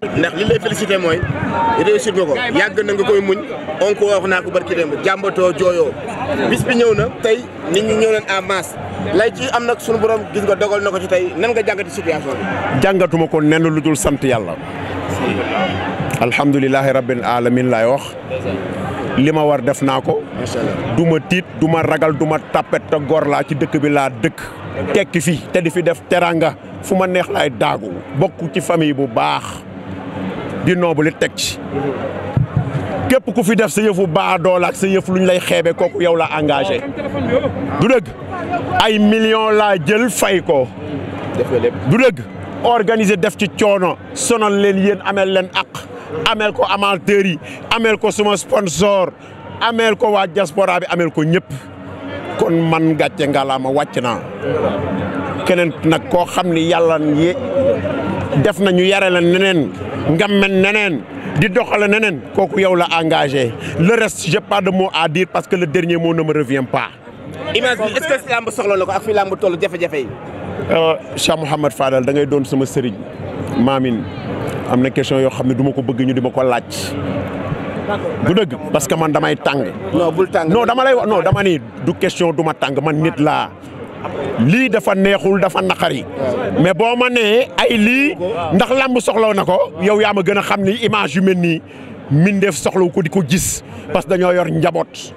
ndax li lay félicité moy réussir nga ko yag na nga koy muñ on ko wax na ko barki dem jàmbatoo joyo bis bi ñew na tay nit ñi ñew leen en masse lay ci am nak suñu borom gis nga dogal nako ci tay nan nga jàngati situation jangatuma ko nenn lu dul sante yalla alhamdulilahi rabbil alamin lay wax lima war def nako duma tit duma ragal duma tapet ta gor la ci dekk bi la dekk tekki fi te di fi def teranga fu neex lay dagu bokku ci famille bu baax di noobu li teg ci képp ku fi def sa yëfu baa dool ak sa lay xeebe kooku yow la engagé du dëgg ay millions laa jël fay ko du dëgg organiser def ci coono sonal leen yéen ameel leen ak ameel ko amateur yi ameel ko suma sponsor ameel ko waa diaspora bi ameel ko ñëpp kon man gàcce ngalaama wàcc naa keneen nag koo xam ni yàlla def na ñu yare la neneen ngam men neneen di doxale neneen kooku yow la engagé le res j'ai pas de à dire parce que le dernier mot ne me pas. image soxla na ko ak fi làmb toll jafe-jafe yi. Euh, Cheikh Mouhamed Fadal doon sama sëriñ maamin am na question yoo xam ne duma ko bëgg ñu di ma ko laaj. du dëgg parce que man damay tàng. non bul tàng dama lay wax non dama ni du question du ma tàng man nit laa. lii dafa neexul dafa naqari mais boo ma nee ay lii ndax làmb soxlaw na ko yow yaam a gën a xam ni image yu mel nii mbindeef soxlaw ko di ko gis parce que dañoo yor njaboot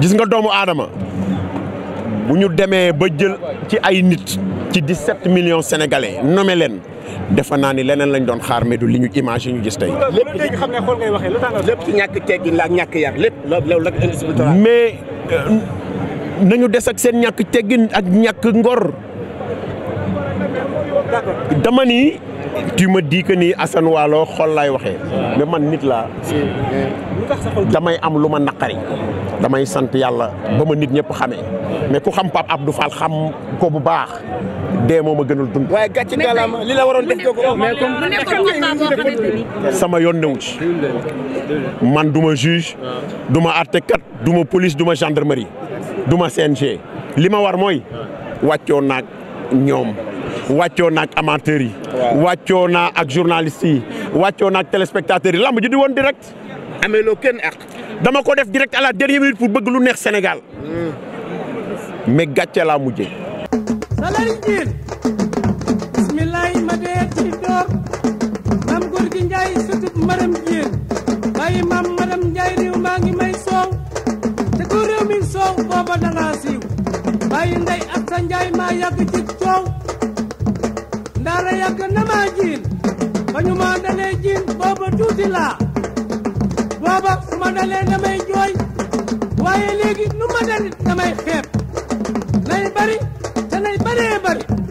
gis nga doomu aadama bu ñu demee ba jël ci ay nit ci 17 millions sénégalais nommé leen defe naa ni leneen lañ doon xaar mais du li ñu image yu ñu gis tey. lépp xam ne ñàkk teggin lépp loolu mais. Euh, nañu des ak seen ñàkk teggin ak ñàkk ngor dama ni tu me dis que ni Assane Waalo xol laay waxee mais man nit laa damay am lu ma naqari damay sant yàlla ba ma nit ñëpp xamee mais ku xam Pape Abdou Fall xam ko bu baax dee moo ma gënal dund. waaye gàcce ngalaama mais sama yoon newu man du ma juge ah. du ma àttekat du ma police du ma gendarmerie. du ma CNG li ma war mooy wàccoo naag ñoom wàccoo naag amateurs yi. wàccoo naa ak journalistes yi wàccoo naag téléspectateurs yi lamb ji di woon direct. amee loo kenn ak dama ko def direct à la dernière minute pour bëgg lu neex Sénégal hmm. mais gàcce laa mujjee. bañu ma dalee jiin booba tuuti laa booba su ma dalee damay jooy waaye léegi nu ma dalit damay xeeb nay bari te nay baree bari